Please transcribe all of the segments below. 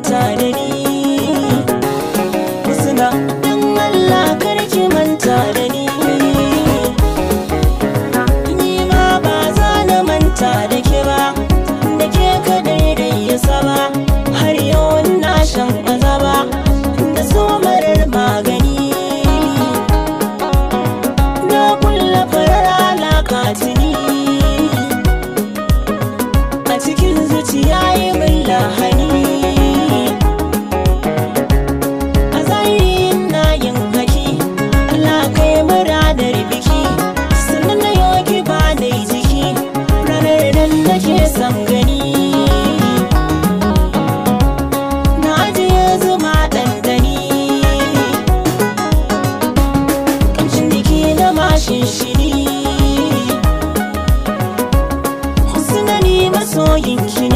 time shinshini Husna ne masoyinki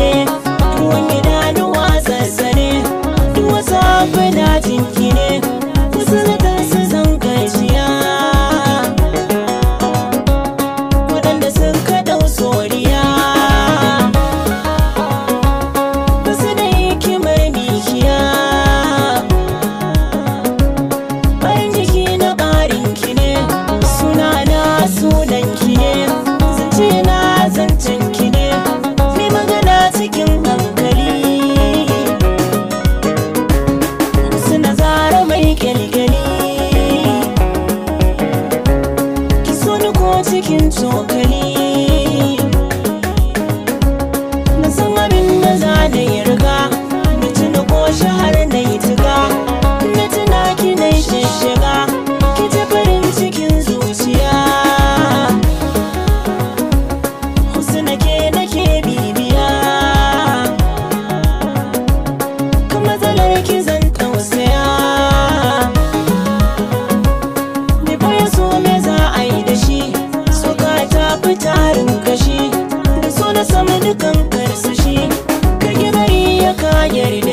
cikin tsokali yeah,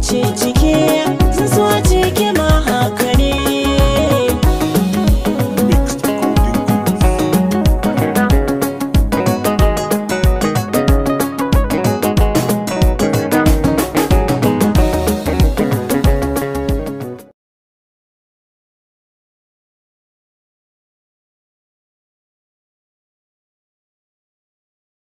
Cikin. cike